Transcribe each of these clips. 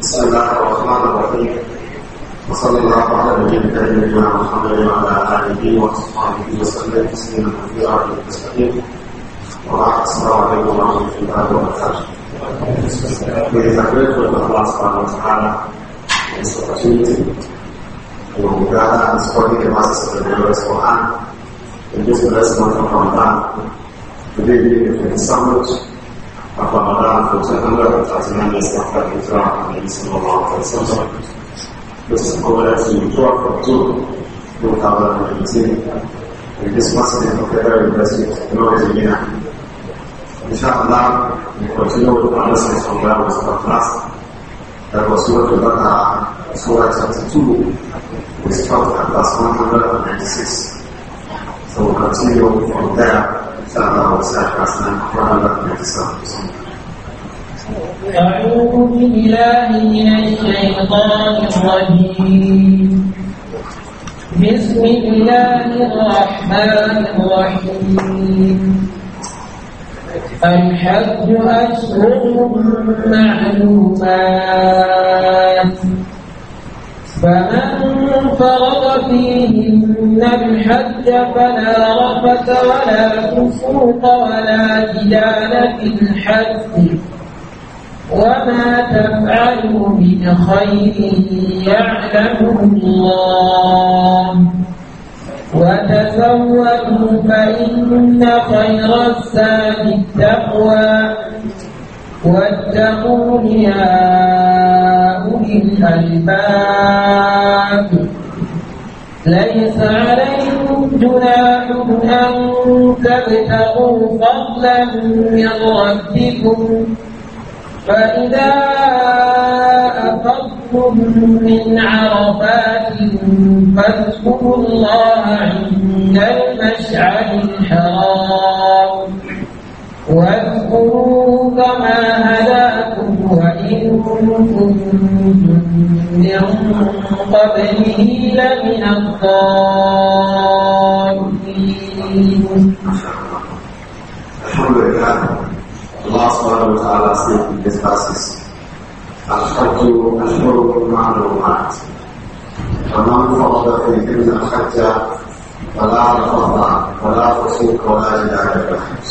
بسم الله الرحمن الرحيم وصلى الله على نبينا الكريم محمد وعلى اله وصحبه وسلم تسليما كثيرا من المسلمين وبعد السلام عليكم ورحمه الله وبركاته بتقرير الله سبحانه وتعالى is the opportunity to gather and study the verses of the glorious Quran in this blessed month of Ramadan. Today being the 27 Akşamada kurtarılır, tazinen destekler itiraf Nebi sallallahu aleyhi ve sellem. This quality you talk of two, two thousand and eighteen, and this must be the very best knowledge in Inshallah, we continue with the lessons from where we stopped last. That was Surah Al-Baqarah, Surah chapter 2, we stopped at verse 196. So we continue from there. سأل وساح أسلم وأنا أعوذ بالله من الشيطان الرجيم بسم الله الرحمن الرحيم الحج أشهر معلومات فمن فرض فيهن الحج فلا رفت ولا فسوق ولا جدال في الحج وما تفعلوا من خير يعلمه الله وتزودوا فإن خير الزاد التقوى واتقوا يا هذه الألباب ليس عليكم جناح أن تبتغوا فضلا من ربكم فإذا أفضتم من عرفات فاذكروا الله عند المشعر الحرام واذكروا كما كنتم من قبله لمن الضالين الحمد لله الله سبحانه وتعالى سيد الباسس الحق الحر معلومات ومن فرض فيهن الحج فلا رفض ولا فسوق ولا جدال بالحج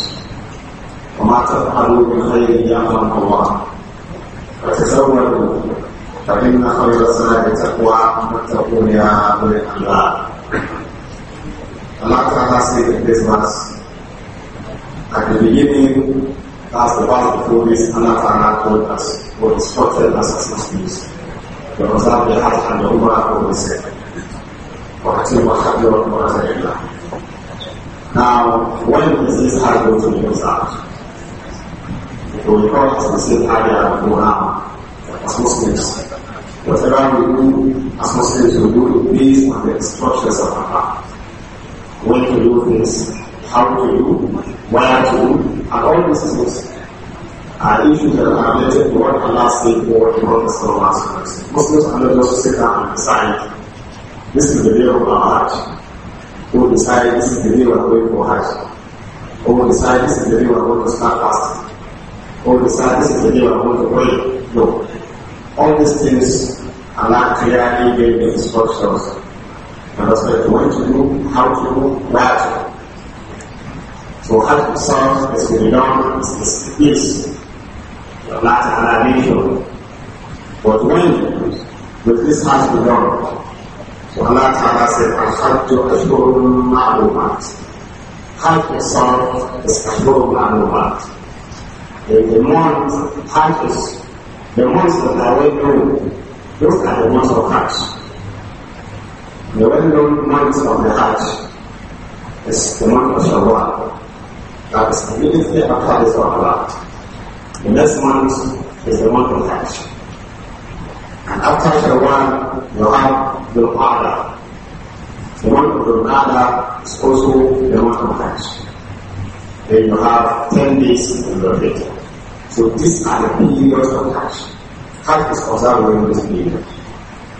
وما تفعلوا من خير يعلمه الله وتزودوا فإن خير الزاد التقوى واتقون يا أولي الألباب Allah Ta'ala said in this at the beginning, as the verse before this, Allah Ta'ala told us, or instructed us as Muslims, to observe the Hajj and the Umrah of the same. وأتم حج العمرة لله. Now, when is this Hajj going to be observed? They will the same area of morale as Muslims. Whatever we do as Muslims, we do it based on the instructions of Allah. When to do things, how to do, where to do, and all these things are issues that are related to what Allah said or the Prophet Sallallahu Muslims are not just sit down and decide, this is the day of our Hajj. Or decide, this is the day we are going for heart. Or decide, this is the day we are going to start fasting or decide this is the game I want to play. No. All these things not clearly gave the instructions and respect when to do, how to do, where to So how to serve is to be done is the peace. Allah Ta'ala gave But when with this has to be done, so Allah Ta'ala said, Al-Hajj Ashurun Ma'lumat. to itself is Ashurun Ma'lumat the, the month patches, the months that are way through, those are the months of Hajj. The well-known months of the Hajj is the month of Shawwal. That is immediately after the Salat. The next month is the month of Hajj. And after Shawwal, you have the Qadr. The month of the Qadr is also the month of Hajj. Then you have 10 days in the Fitr. So these are the periods of Hajj. Hajj is observed this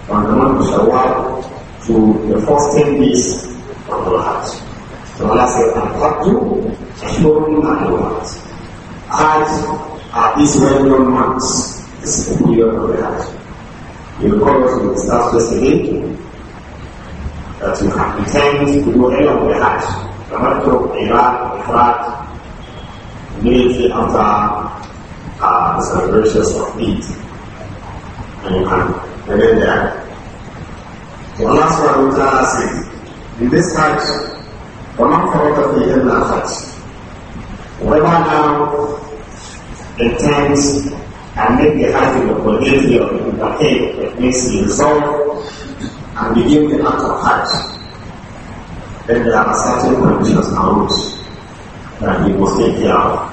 From the month of Shawwal to the first 10 days of the heart, So Allah said, Al-Hajju, Ashurun Ma'lumat. Eyes are this well-known months. This is the period of the heart. You recall us with start yesterday that you have intended to do any of the matter of Iraq, Iraq immediately after uh, ah, as a of meat, And you can remember that. So Allah subhanahu wa ta'ala says, in this Hajj, of the فِيهِ الْحَجْ Whoever now intends and make the Hajj in the quality of the Baqay, that means he resolve and begin the act of Hajj, then there are certain conditions and that he must take care of.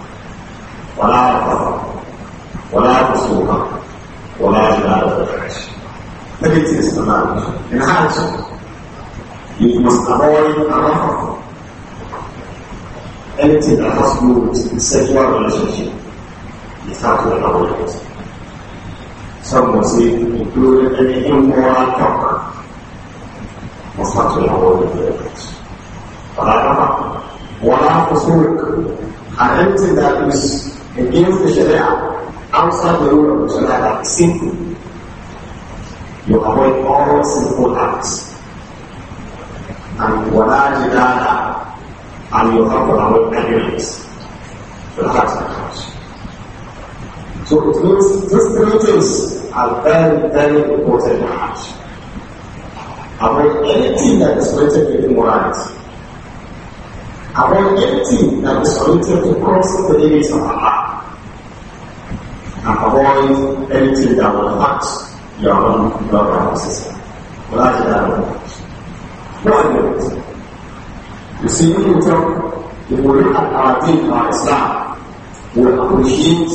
وَلَا ولا تصوها ولا تنال العيش فبيت يستمر in house you must avoid another anything that has to do with sexual relationship you have to avoid it some will say include any immoral talk the role of the that is simple. You avoid all sinful acts. And wala jidala, and you have to avoid arguments. The heart So it means these three things are very, very important in Hajj. Avoid anything that is related to immorality. Avoid anything that is related to crossing the limits of avoid anything that will hurt your own your brother sister. Well, I did that why not? You see, we talk, if we look at our deep our Islam, we appreciate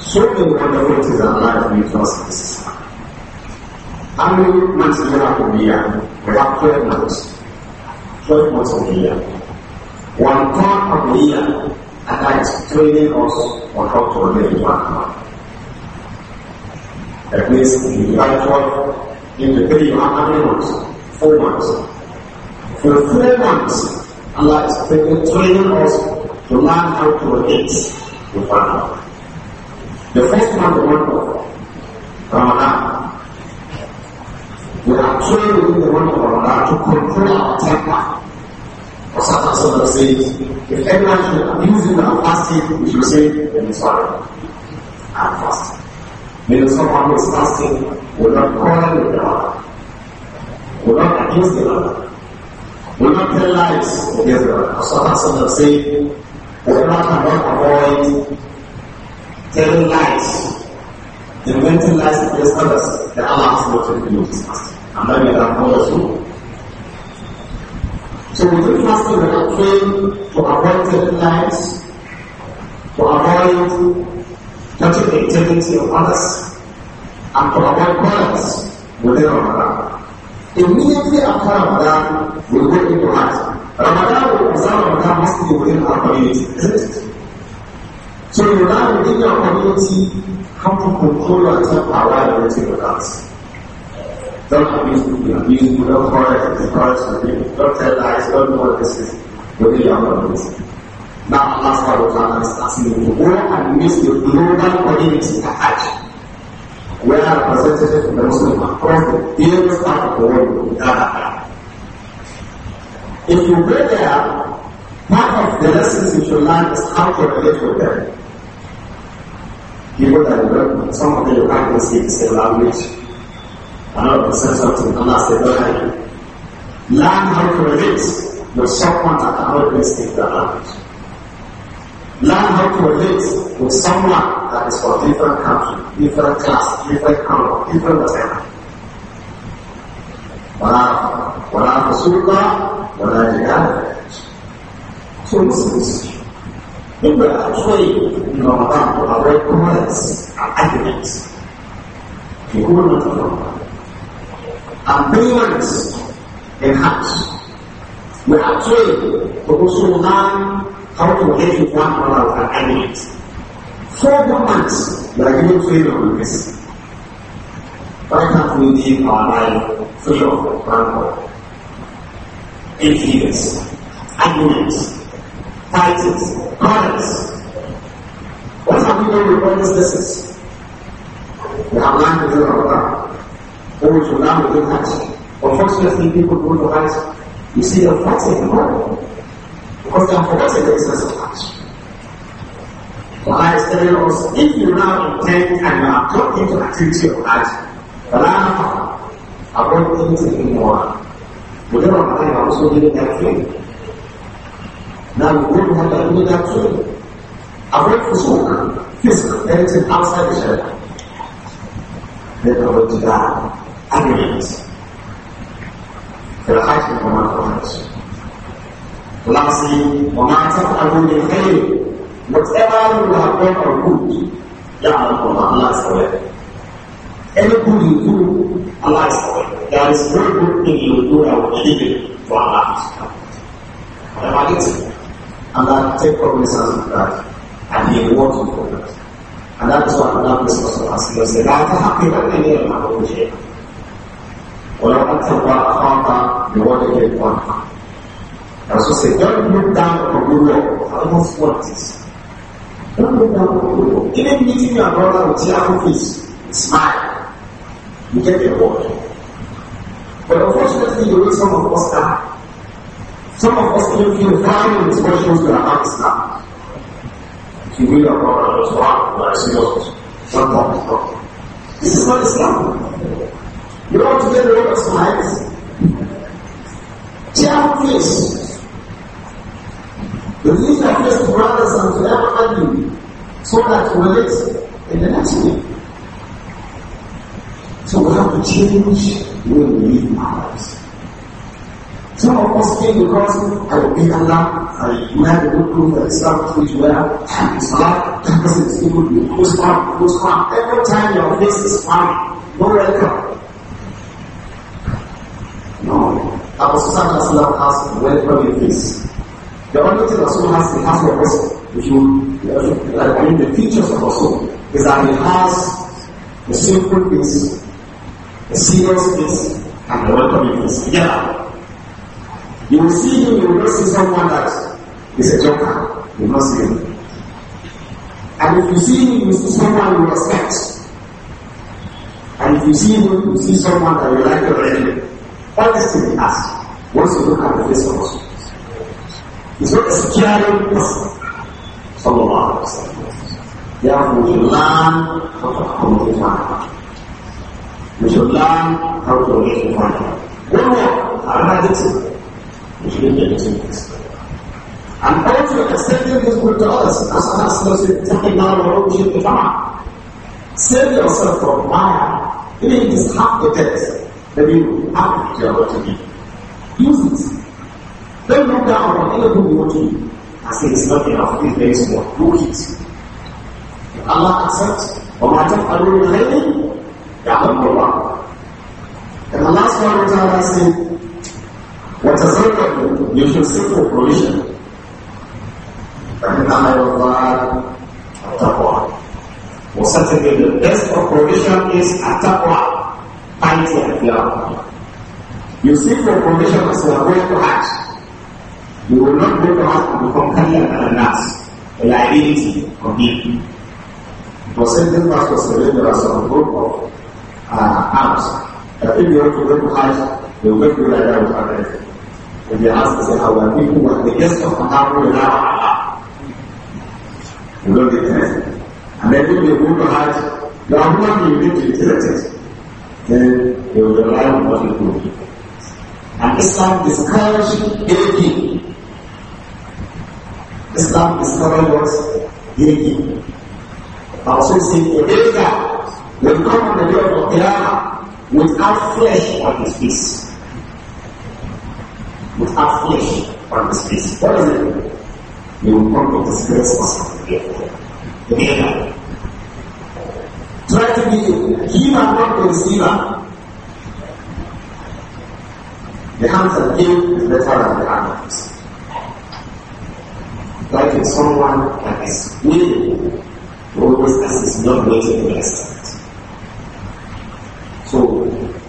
so many wonderful things in life we trust this Islam. How many months do you have to be here? We have 12 months. 12 months of the year. One part of the year, and that is training us on how to relate to one another. At least in the to work in the three, how months? Four months. For four months, Allah is training us to learn how to relate with one The first month, the month of Ramadan, we are trained within the month of Ramadan to control our temper. Osaka Soda says, if anyone should abuse in our fasting, we should say, then it's fine. I'm fasting. Maybe someone is fasting without calling call him God, will not accuse without telling lies against the Lord. As some person have said, whoever cannot avoid telling lies, inventing lies against others, The Allah is not going to use his fasting. And maybe that follows you. So we do fasting without praying to avoid telling lies, to avoid touching the integrity of others and for condemn quarrels within Ramadan. Immediately after Ramadan, we go into Hajj. Ramadan will observe Ramadan must be within our community, isn't it? So you learn within your community how to control yourself while you're with us? Don't abuse people, abuse people, don't quarrel, don't quarrel, don't tell lies, don't do all this within your community. Now Allah subhanahu wa ta'ala is asking you to I and the global community at Hajj. We are represented the Muslim across the various parts of the world in If you go there, part of the lessons you should learn is how to relate with them. People that you don't, some of them you can't even speak the same language. Another person something, Allah said, don't have Learn how to relate with someone that cannot even speak the language. Learn how to relate with someone that is from different country, different class, different color, different whatever. ولا ولا فسوق ولا جهاد So Muslims, we were actually in Ramadan to avoid quarrels and arguments. The government of Ramadan. And brilliance in hearts. We are trained to also learn how to relate with one another with an Four commands that are given freedom with this. Why can't we live our life free of rancor, infidels, What have we done with all these lessons? We have learned within our God, we should learn within us. Unfortunately, people go to us, you see the fighting in the because they have forgotten the essence of action. Allah is telling us, if you now intend and you have got into activity of action, Allah avoid anything more. We don't have time also doing that thing. Now we don't have to do that thing. Avoid fusuk, fisk, anything outside the Sharia. Then avoid to that, arguments. For the high command of Lastly, how good you feel, Whatever you have done or good, Ya Allah is aware. Any good you do, Allah is aware. There is no good thing you do that will keep it for Allah is aware. Am I Allah take cognizance of that and He rewards you for that. And that is what Allah is also asking us. لا تحققن إلى المعروف شيئا ولو أتى الله أخاك بوجه القرآن And so say, don't look down on the world. I almost want this. Don't look down on the world. Even meeting your brother with tearful face, smile. You get the award. But unfortunately, the way some of us are, some of us even feel value with questions that are asked now. If you read your brother, just wow, but I see yours. Don't talk, talk. This is not Islam. You don't want to get the reward of smiles. Tearful face. The religion of just brothers and whoever argue so that we relate in the next week. So we have to change the we live our lives. Some of us came because I obey Allah, I married a good group of Islam, which were time is hard, that person is evil, you go Every time your face is spam, no welcome. No. I was Sallallahu Alaihi Wasallam asked, welcome your face. The only thing Rasul has, he has a Rasul. If you, I mean, the features of Rasul is that he has the simple peace, the serious peace, and the welcoming peace. Yeah. You will see him, you will not see someone that is a joker. You will not see him. And if you see him, you see someone you respect. And if you see him, you see someone that you like already. All this he Once you look at the face of Rasul. zo gaskiyar kusa sallallahu alaihi wasallam ya mujullan hukumuma mujullan hukumuma wannan arhadati musulmi da cikin an ɗauki da kasance da zuwa da others as an asalasu ta hanyar da rubu shi da fama save yourself from maya it is half the debt that you have to tell what to be use it Don't look down on anyone who wants to. I say it's not enough. It is very small. Look it. Allah accepts, or matter Allah will that will go up. And Allah subhanahu wa ta'ala said, what does it mean? You should seek for provision. And I will taqwa. Well, certainly the best of provision is at taqwa, piety and fear. You seek for provision as you are going to hatch. You will not go to us to become clear and nuts, a liability for people. For was sent to us for as a group of uh, arms. That if you want to go to you they will make you like that with others. And they ask how are people who are the guests of Muhammad without Allah? You don't get that. And then if you go to Hajj, you are not uniquely Then they will rely on what you do. And Islam discourages anything Islam is covering what unity. Also saying a danger will come on the day of Qiyamah without flesh on his face. Without flesh on his face. What is it mean? He will come to disgrace us on the day Try to be human, not the receiver. The hands of him is better than the hand. fighting someone that is willing to always assist, not waiting for assistance. So,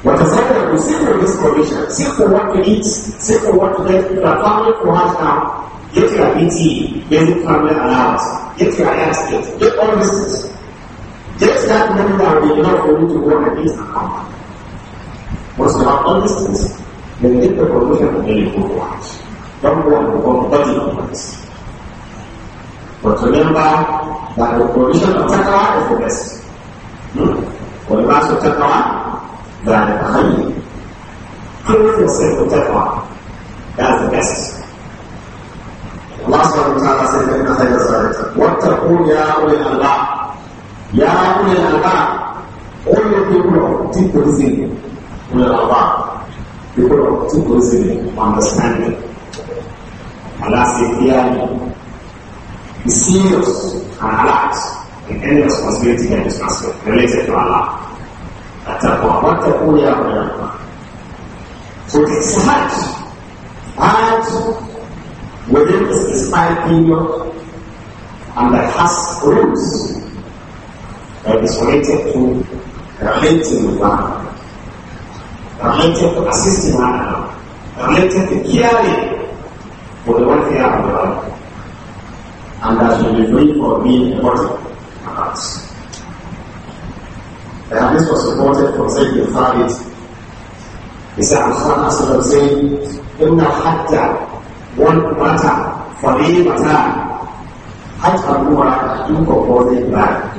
what is happening? We seek for this provision, seek for what to eat, seek for what to get. If a family for us now. Get your BT, basic family allowance, get your airticket, get all these things. Just that money that will be enough for you to go and eat and come back. Once you have all these things, then get the provision and then you go for it. Don't go and become body of but remember that hmm. the provision of taqwa is the best. Hmm? by you ask for taqwa, they are behind you. Prove yourself with taqwa. That's the best. Allah subhanahu wa ta'ala said, إِنَّ خَيْرَ الصَّلَاةِ وَاتَّقُوا يَا أُولِي الْأَلْبَابِ يَا أُولِي الْأَلْبَابِ All your people of deep reasoning, People of deep understand. understanding. Allah said, hear me. The serious and alert in any responsibility that is transferred related to Allah. that Attaqwa. What taqwa ya Allah? So it's is Hajj. within this specified period and that has rules that is related to relating with one related to assisting one another, related to caring for the welfare of the other and that will be doing for me a lot us, and this was supported from Zayd bin Thabit. He said, Allah Sallallahu saying, إِنَّ حَتَّى one matter for me matter حَتَّى أَمُّهَا you propose it back.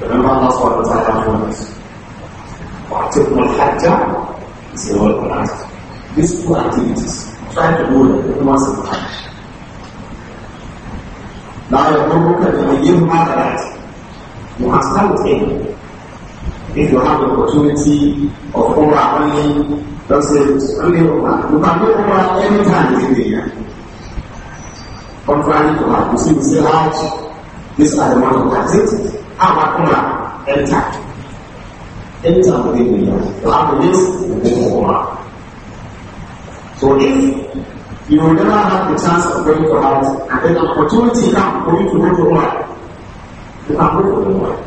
Remember Allah Subhanahu wa Ta'ala told us, وَعْتِقْنَا الْحَجَّ is the word This These two activities, try to do them once in time. لا يضرك تغيرها ثلاث You are something. If you have the opportunity of Umrah only, don't say only You can do Umrah anytime in the year. Contrary to that, you see, we say Hajj, these are the ones who has it. How about Umrah? Anytime. Anytime within the year. You have the list, you go to So if you will never have the chance of going for out, and then the opportunity comes for you to go to work. You can go for the work.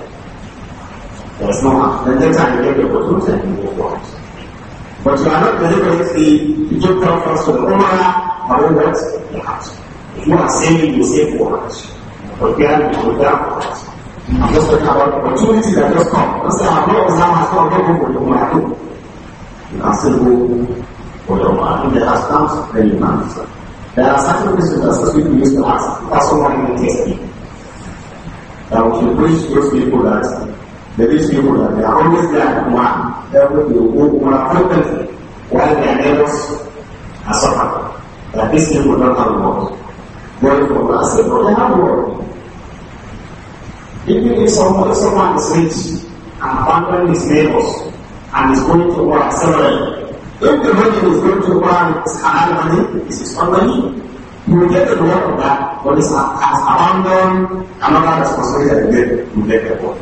There's no harm. Then time you get the opportunity and you go for it. But you are not deliberately to take off first to the Umrah, or what? The Hajj. If you are saving, you save for Hajj. But then you will die for Hajj. I'm just talking about opportunity that just come. Don't say, I've not done Hajj, I'll go for the Umrah. You can still go Otomar, there are some elements. There are certain businesses which use the ask customer in testing. Now, if you preach those people that the people that they are always there at one, they will be more frequently while their neighbors are suffering. That this people don't have work. Going from the simple, they have work. someone, someone is rich and abandoned his neighbors and is going to work several If the money is going to halal money, this is not money. You will get the reward of that, but it's has abandoned another responsibility that you get, you get the reward.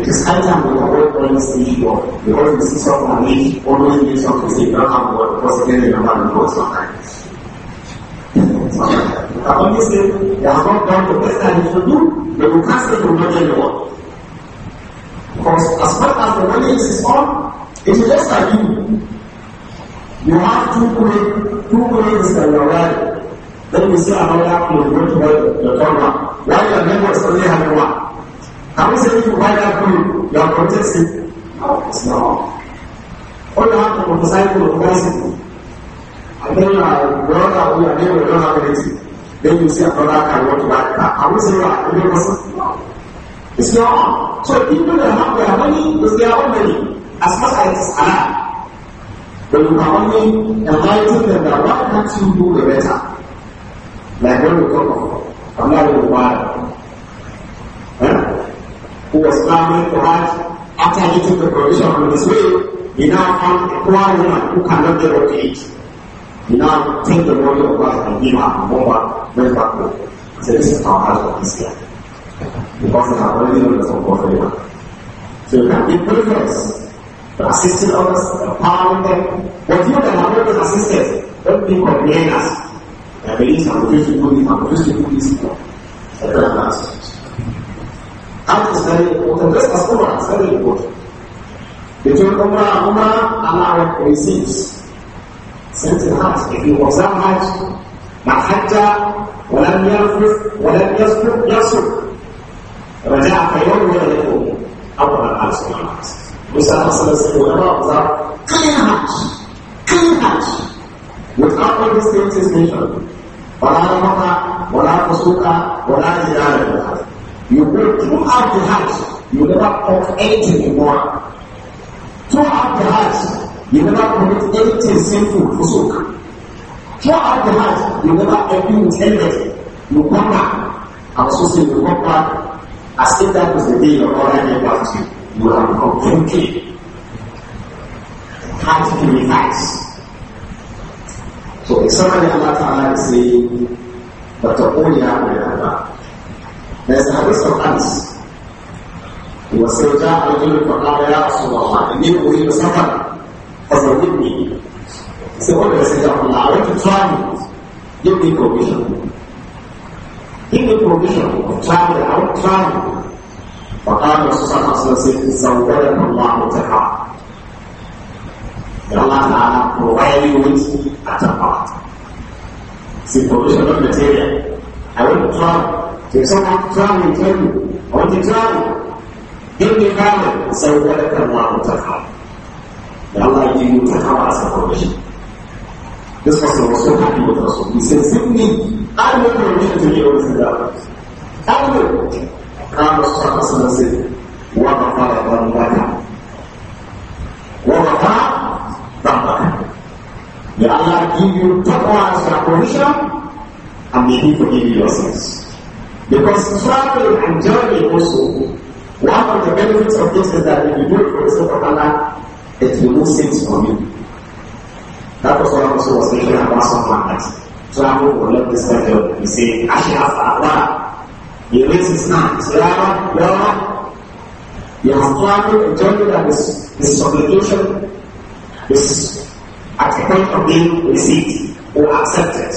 It is high time we avoid policy people because we see someone rich, always doing something, say, don't have the because again, you never know it's not right. The company says, they have not done the best that they should do, not get the reward. Because as far as the money is on, just like you. You have two great, two greatness on your right. Then you say, I don't have to go to the corner. Why your neighbors only have one? I will say, if you buy that food, you are protesting. No, it's not. All you have to prophesy to the person. And then you are brother, you are neighbor, you don't have anything. Then you say, a brother can want to buy that. I will say, you are a person. No. It's not. So people that have their money, it's their own money. As much as it is allowed. But you are only enlightened them that why can't you do the better? Like when we talk of Allah the Wild, eh? who was traveling for Hajj, after getting the provision on his way, he now found a poor woman who cannot get up to eat. He now take the money of God and give her a bomba, back home. He said, this is our Because already known So you can give the assisting others, empowering them. But you that have not assisted, don't be complainers. And we need some to do this, I'm to do this more. And then I'm That is very important. Just as Umrah is very important. Between Umrah and Umrah, Allah receives. Sent in Hajj. If he was on Hajj, ما حج ولم يرفث ولم يسكت يسكت رجع في يوم ولم يقوم أول الآن سبحانه وتعالى Musa says to Ramza, Kalimach, house, Without all these things is mentioned, ولا رمق when I did that, You go throughout the house. you never talk anything more. Throughout the house. you never commit anything sinful, fusuk. Throughout the house. you never agree with anything. You come back. i was supposed to say you come back as that was the day you're already back to you are contented. Heart purifies. So exactly Allah Ta'ala is saying, but the only Allah. There's a hadith of Anas. He was saying, جاء رجل And يا we الله إني أريد سفرا فزودني. He said, what is it? I want to travel. Give me provision. Give me provision of travel. I want to travel. وقال الرسول صلى الله عليه وسلم زودكم الله تقى Allah Ta'ala provide you with a taqwa. See, provision of material. I want to travel. So if someone travel, tell me, I want to travel. Give me travel. So what if Allah taqwa? Allah give you taqwa as a provision. This person was so happy with Rasul. He said, simply, I will permission to you with the I will. kando sana sana sisi wanafanya barabara wanafanya barabara ya Allah give you taqwa your provision and may he forgive your sins because travel and journey also one of the benefits of this is that if you do for the sake it removes sins from you that was what I also was mentioning about someone that traveled or left this country he said I should have Allah You miss his night. Salah, Law, you have tried to enjoy that this, this supplication is at the point of being received or accepted.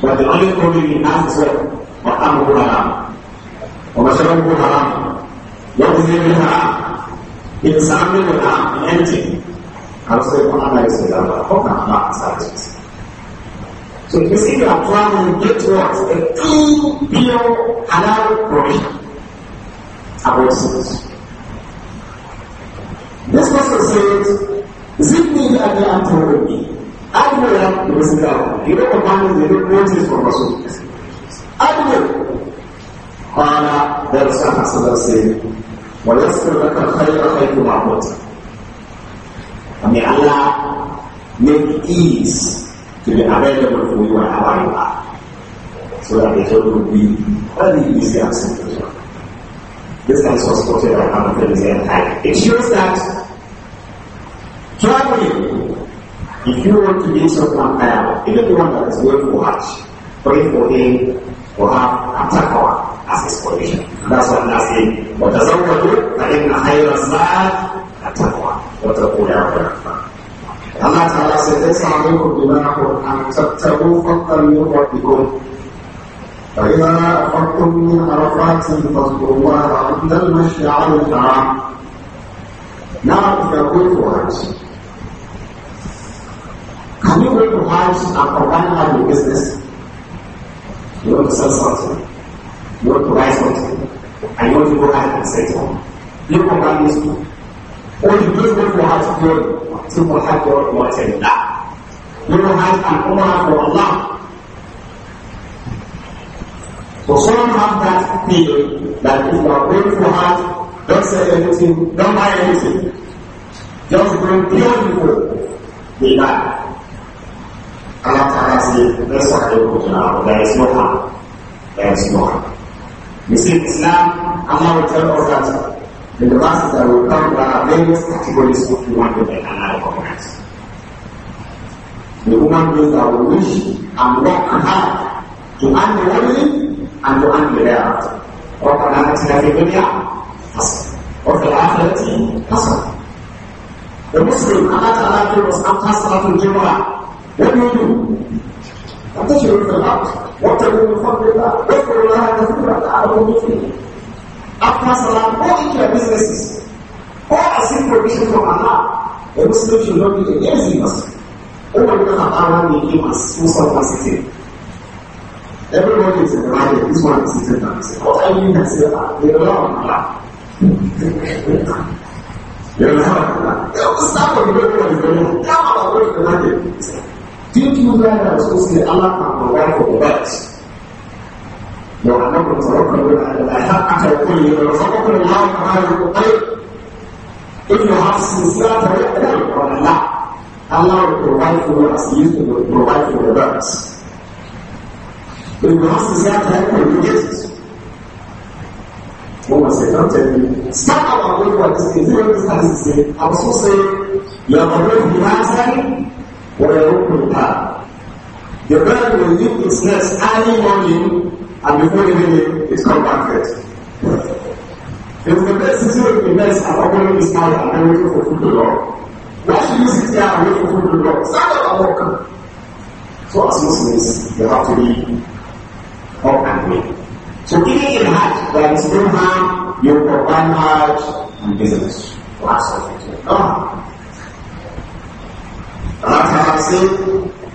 But the only problem you have is what? What Amuhu Haram. Or Mashabuhu Haram. What is really Haram? In surrounding with Haram, in anything. I was saying, what am I saying? How can I accept it? So if you seek to apply, you get what? A clean, pure, halal provision. Avoid sins. This person says, Zip me that they are told me. I know that it was God. You don't command me, you don't want this from us. I know. Qala, there is some Hassan saying, وَيَسْرِ لَكَ الْخَيْرَ خَيْرُ مَعْمُودٍ And may Allah make ease to be available for you and you are, so that the children will be only easy and simple. This comes from supported by Hamilton and it shows that traveling, if you want to meet your partner, even the one that is going for Hajj, pray for him or have a power as his condition. That's what I'm saying. وتزودوا فإن خير الزاد التقوى وتقول يا رب الله تعالى سيئس عليكم جناح أن تبتغوا فضلا من ربكم فإذا أخذتم من عرفات فاذكروا الله عند المشعر الحرام Now, if you are going to Hajj, can you go to Hajj and combine Hajj business? You want to sell something, you want to buy something, and want to go Hajj and settle. You combine these two. ويجبرهم وحسبهم ثم حتى وسيد الله لأنه هذه الأمة هو الله So some have that feeling that if are going for heart, don't say anything, don't buy anything. Just bring beautiful the life. Allah Ta'ala said, that's what they put now. There is no harm. There is no harm. Islam, Allah will tell us that The last that will come there are various categories of human being and I recognize. The woman beings that will wish and work hard to earn the heavenly and to earn the thereafter. ربنا اتنا في الدنيا حسنه وفي الاخره حسنه The Muslim, What do you do? After you read What do you do? What do you do? What do you do? What do you do? After salam, go into their businesses. Or I seek provision from Allah. A Muslim should not be against the Muslim. All because of Allah made him as Muslim positive. Everybody is in the divided. This one is sitting down. What I mean by say that? They rely on Allah. they rely on Allah. They will start from the very one is Come on, I'm going the market. Think you guys are supposed to say Allah can provide for the best. وأنكم توكلوا على الله حق توكله ووفقكم الله كما يقول إن حفص الصلاة ويقدر ولا لا Allah will provide for us, He will provide for the birds. But if us is not helpful, you get it. What was it? tell me. Stop our way for this thing. You understand this thing? I was so saying, you are already behind or you are open path. The bird will leave its nest early morning And before leaving it, it's called banquet. It's the best sitting in the mess and opening his mouth and then waiting for food to Lord. Why should you sit there and wait for food to go? Stand up and walk. So as Muslims, you have to be up and away. So even in heart, there is no harm, you combine Hajj and business. That's what it is. No ah. And after I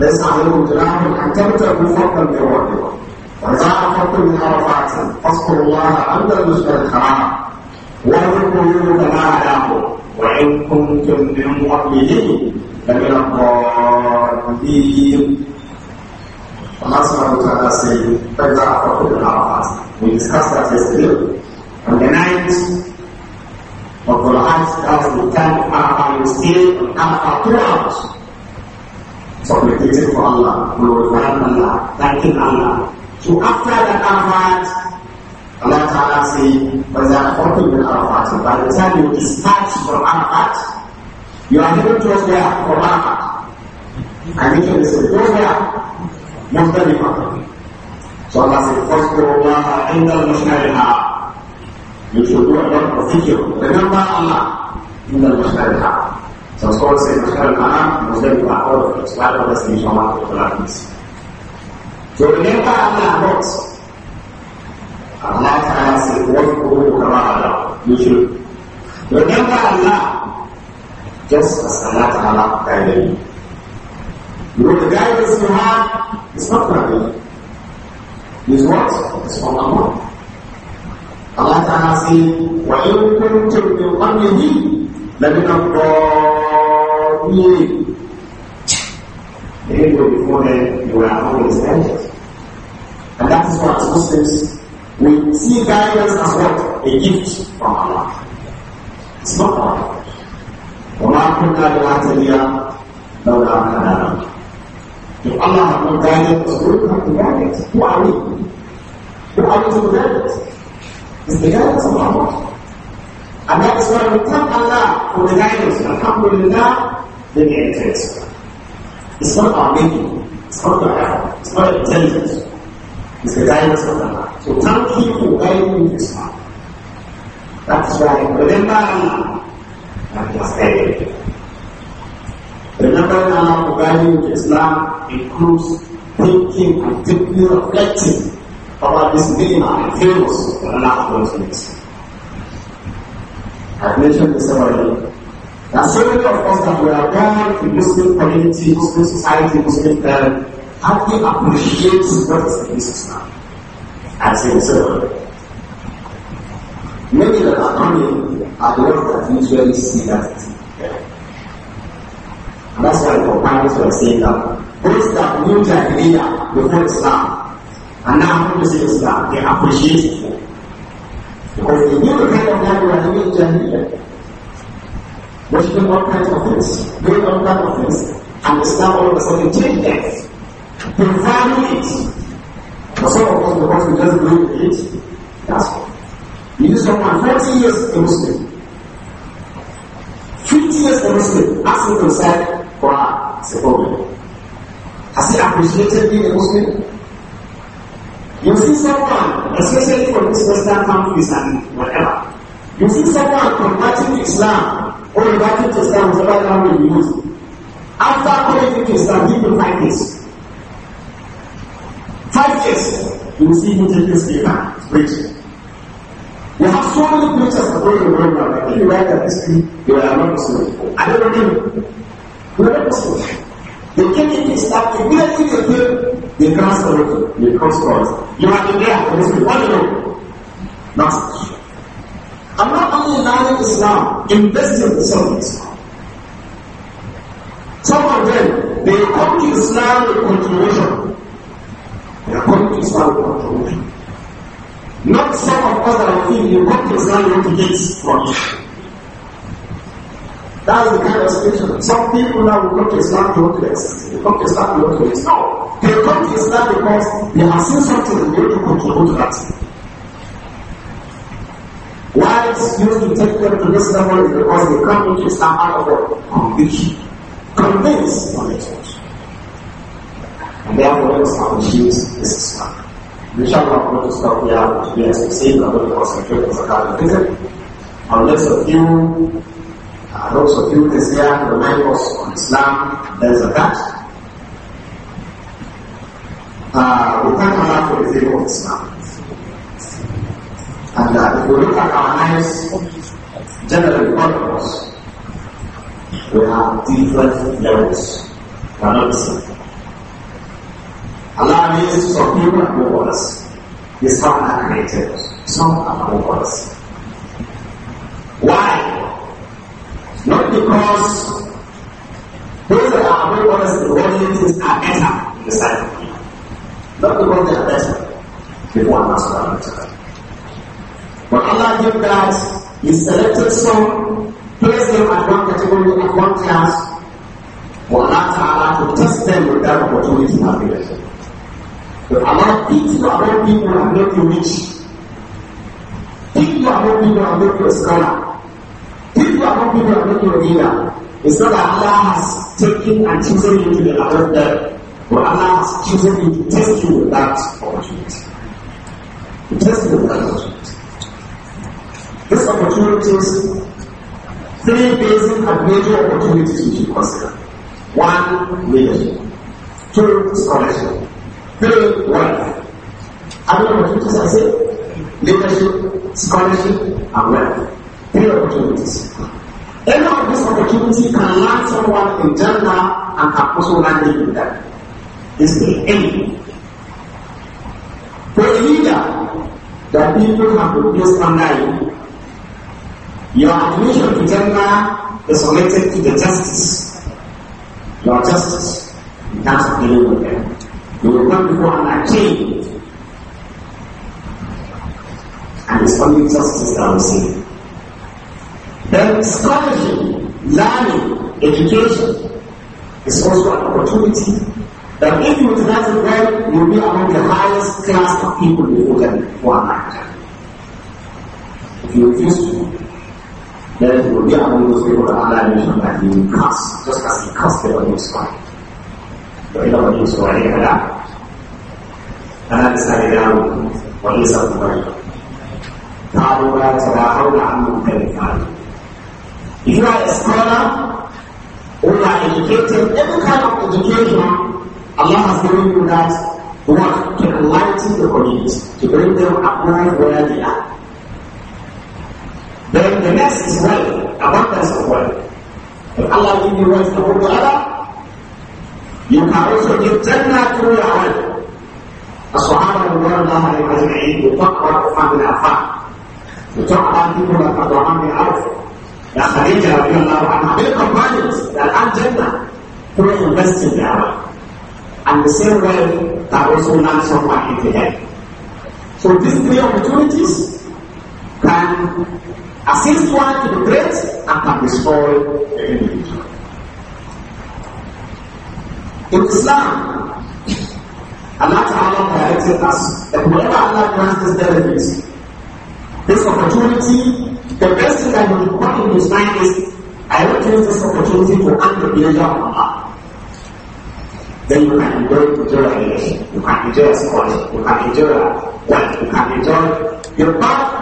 لسعيهم جناح حكمت ابو فضل بربكم وزعف فضل من عرفات فاذكروا الله discussed that yesterday. the night of the last of the 10th still on Arafat two hours. From the Allah, ya of Allah, glorifying Allah, thanking Allah. So after that Arafat, Allah Ta'ala say, فَزَاقَرْتُمْ مِنْ Arafat. By the time you dispatch from Arafat, you are headed towards there for Arafat. I mentioned this, towards where? Muzdalifah. So Allah said, فَذْكُرُ in the الْمَشْنَرِهَا You should do a lot of zikr. Remember Allah in the Mashariha. Los jóvenes se trajeron a los del trabajo, los cuatro de su misma populares. Kemudian tak ada bos. Allah Taala sebuah guru kepada Yusuf. Kemudian tak ada just as Allah Taala guided him. With the guidance you have, it's not from me. It's what? It's from Allah. Allah Taala says, "Wa in kuntum min qablihi, fleeing. They were before them were along with sentence. And that is why as Muslims, we see guidance as what? A gift from Allah. It's not our gift. وَمَا كُنَّا لِنَعْتَدِيَ لَوْلَا أَنْ If Allah had not guided us, we would have the guidance. Who are we? Who are we to guide us? It's the guidance of Allah. And that is why we thank Allah for the guidance. Alhamdulillah, then you It's not our making. It's not our effort. It's not your intelligence. It's the guidance of Allah. So thank Him for guiding you this far. That is why remember Allah that was guided. Remembering Allah for guiding you to Islam includes thinking and deeply reflecting about this minima and favors that Allah has I've mentioned this already. There are so many of us that we are born in Muslim community, Muslim society, Muslim parent, how we appreciate Jesus now. as a so. Many that are coming are the ones that usually see that And that's why the companions were saying that those that knew leader before Islam and now who see Islam, they appreciate it. Because they knew the kind of life we are living in worshiping all kinds of things, doing all kinds of things, and Islam all of a sudden changed that. They value it. For some of us, because we just believe it, that's all. You use someone 40 years a Muslim, 50 years a Muslim, asking himself for a second Has he appreciated being a Muslim? You see someone, especially from these Western countries and whatever, you see someone converting to Islam Only to stand. is about how we use After calling you to stand, he will find this. Five years, you will see him take this paper, preaching. You have so many preachers that don't remember that if you write that history, you are not Muslim. I don't know you. You are not Muslim. They came into Islam, immediately they came, they transferred it, they crossed You are the guy, you Muslim. What do you know? Nothing. I'm not only denying Islam, investing in some Islam. Some of them, they come to Islam with contribution. They are coming to Islam with contribution. Not some of us that are thinking you come to Islam, to get from That's the kind of situation. Some people now will come to Islam to want to They come to Islam to want to No, they come to Islam because they have seen something and they want to contribute to that. Why you to take them to this level is because they come into some out of conviction. on it, And therefore, this conditions this is one. We shall not going to stop here. be as we say, I'm going to concentrate on Zakatalism. Unless a few, uh, those of you this year remind us on Islam, there's a catch. Uh, we thank Allah for the favor of Islam. And that if we look at our eyes, generally purpose, we have different levels. We are not Allah means some people are above us. Yes, some are created. Some are above Why? Not because those that are above the in things are better in the sight of God. Not because they are better before Allah subhanahu wa ta'ala. But Allah did that. He selected some, placed them at one category, at one class, for Allah Ta'ala to test them with that opportunity to happiness. But Allah beat you among people and made you rich. Beat you among people and made you a scholar. Beat you among people and made you a leader. It's not that Allah has taken and chosen you to the other there, but Allah has chosen you to test you with that opportunity. To test you with that opportunity. These opportunities, three basic and major opportunities we should consider. One, leadership. Two, scholarship. Three, wealth. Other opportunities I say, leadership, scholarship, and wealth. Three opportunities. Any of these opportunities can land someone in Jannah and can also land them in that. It's the aim. For a leader, that people have to produced online Your admission to is connected to the justice. Your justice. You can't deal with them. You will come before an king. And it's only justice that will see. Then scholarship, learning, education is also an opportunity that if you utilize it well, you'll be among the highest class of people before them who for not. If you refuse to, then will be among those people that Allah mentioned that he will curse, just as he cursed the Bani Israel. The Bani Israel had that. فلا تسألناه وليس الضرير قالوا لا تناهون عن منكر فعل If you are a scholar or you are educated, every kind of education, Allah has given you that work to enlighten the community, to bring them up where they are. The, the next is wealth, abundance of wealth. If Allah gives you wealth to work with you can also give Jannah through your wealth. الصحابة رضي talk about the يطلق عثمان بن We talk about people like عبد الرحمن بن عوف يا خديجة رضي الله عنها من companions الآن جنة through investing their wealth. And the same way that also lands someone into head. So these three opportunities can assists one to be great and can destroy the individual. In Islam, Allah Ta'ala directed us that whenever Allah grants this benefit, this opportunity, the best thing that will come in his mind is, I will use this opportunity to earn the pleasure of Allah. Then you can enjoy the joy of you can enjoy scholarship, you can enjoy wealth, you can enjoy your path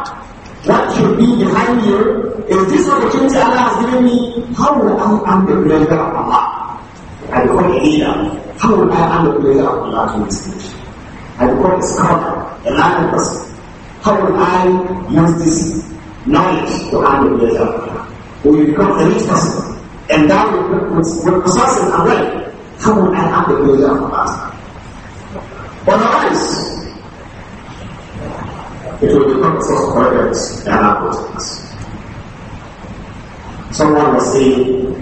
should be behind you. Is this opportunity Allah has given me? How will I am the pleasure of Allah? I become a leader. How will I am the pleasure of Allah to this nation? I become a scholar, a learned person. How will I use this knowledge to earn the pleasure of Allah? Will you become a rich person? And that will possess and wealth. How will I earn the pleasure of Allah? Otherwise, it will become a source of violence in our politics. Someone was saying,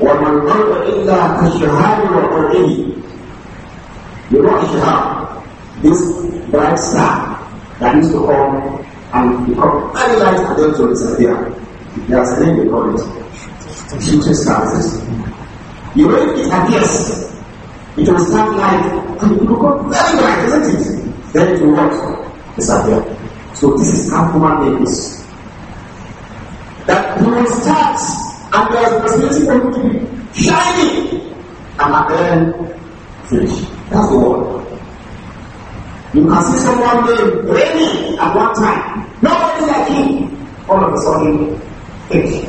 وَمَنْ قَلْبَ have كَشْهَارِ وَقُرْئِهِ You know have this bright star that used to come and become very light for them to disappear. There's a name they call it. Future stars. You know if it appears, it will start like, and it will become very bright, isn't it? Then it will work. Is disappear. So this is how human beings That you will start and there is responsibility for you to be shining and at the end finish. That's the word. You can see someone named raining at one time. Nobody like him. All of a sudden, finish.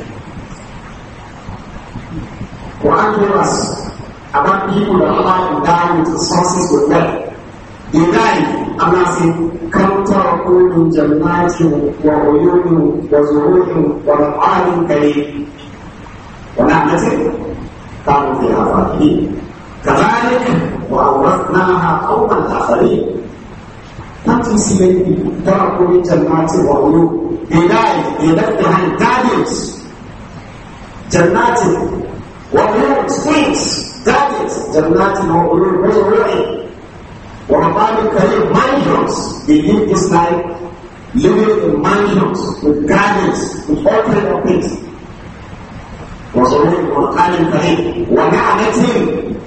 Quran told us about people that Allah will die with resources with wealth. They died أناس كم تقول جنات وعيون وزهور ومعاد كريم ونعمة كانوا فيها فاكهين كذلك وأورثناها قوما آخرين not to see many people that are going to Jannati or you. They died, they left behind gardens. Jannati, what you springs, gardens, Jannati or you, where you وَمَبَعْدِ الْكَرِيمِ Mansions. They live this life living in mansions, with gardens, with all kinds of things. وَصَلِينَ وَقَالِ الْكَرِيمِ وَنَعْمَةٍ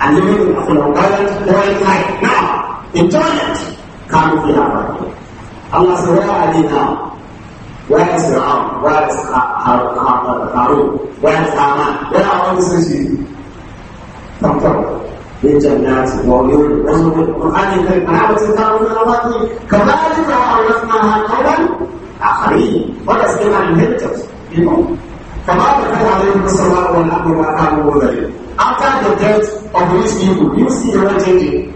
And living in a abundant, joyous life. Now, enjoy it. Come if you have Allah says, where are you now? Where is your Ram? Where is Harun? Where is Haman? Where are all these things you? Come, come. لجل ناس وعيون الرسل والقرآن الكريم أنا بتسأل من الله كذلك أورثناها قولا آخرين What is human inheritance? You know. فما دخل عليهم السماء والأرض وأقاموا وذلك After the death of these people, you see the changing.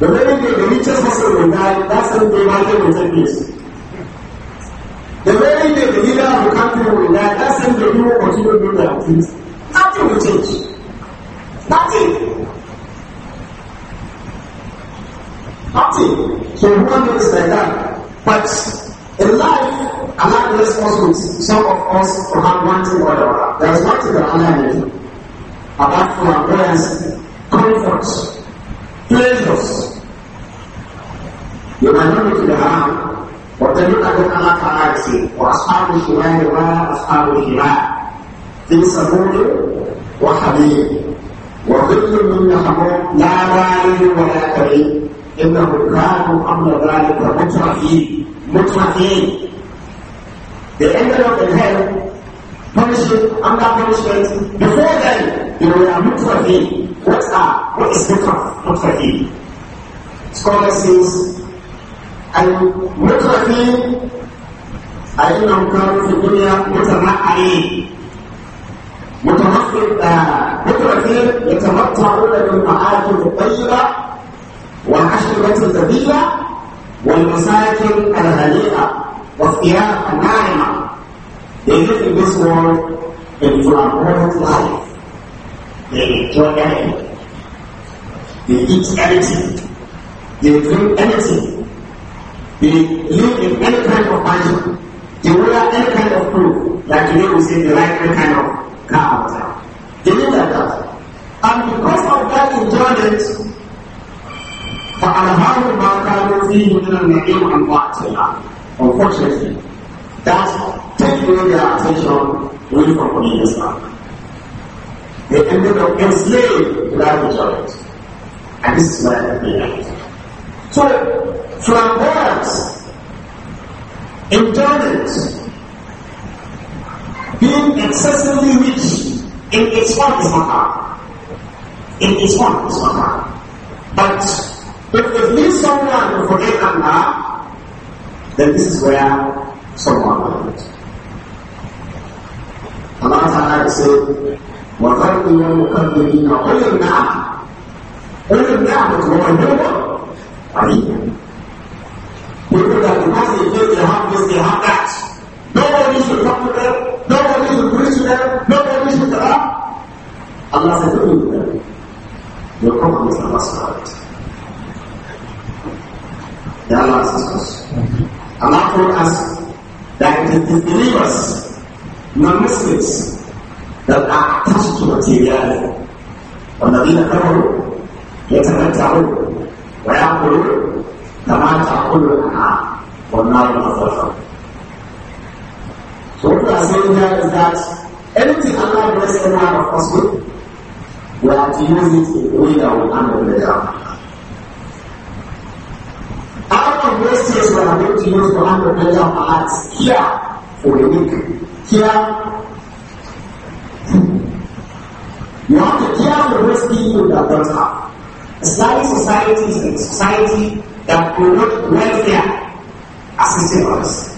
The very day the richest person will die, that's day, my day will take place. The very day the leader of the country will die, that's when the people will continue to do their things. Nothing will change. Nothing. Nothing. So one knows like that. But in life, Allah bless us with some of us to have one thing or another. There is nothing that Allah will do. Apart from abundance, comfort, pleasures. You might not be to the harm, but then look at what as Ta'ala is saying. وَأَصْحَابُ الشِّمَالِ وَأَصْحَابُ الشِّمَالِ What have you? وكل من يخبر لا والد ولا كريم انهم كانوا قبل ذلك مترفين مترفين They ended up in hell, punished under punishment. Before then, they were mutrafin. What are? What is mutrafin? Scholar says, and mutrafin, أينهم كانوا في الدنيا متنعمين متنقل مترفين يتمتعون بالمعاكل الطيبة والعشرة الذبية والمساكن الهنيئة والثياب الناعمة They live in this world in flamboyant life. They enjoy anything. They eat anything. They drink anything. They live in any kind of magic. They wear any kind of clothes. Like today we say they like any kind of Now, They live like that. And because of that enjoyment, فَأَلْهَاهُمْ مَا كَانُوا فِيهِ مِنَ and وَالْمَعْصِيَةِ Unfortunately, that takes away their attention away from the Islam. They ended up enslaved to that enjoyment. And this is why they are So, flamboyance, enjoyment, being excessively rich in its one is haram. In its one is haram. But if it leads someone to forget Allah, then this is where someone will get. Allah Ta'ala said, وَغَيْرِ وَمُكَذِّبِينَ غَيْرِ النَّعْمِ غَيْرِ are you? النَّعْمِ People that because they feel they have this, they have that. Nobody should come to them sallam nabi terang Allah sendiri yang berani dia kau hanya sama Allah sesuas Allah kurkas dan kita terlibas memiskis dan atas itu material terlalu dia sangat jauh Wahai guru, nama aku Luna, warna yang terbesar. So, what I'm saying here is that Anything Allah blesses every one of us with, we have to use it in a way that will handle the down. Out of those things we are going to use to handle the down are here for the week. Here, you have to care for those people that don't have. Islamic society is a society that promotes welfare, assisting others.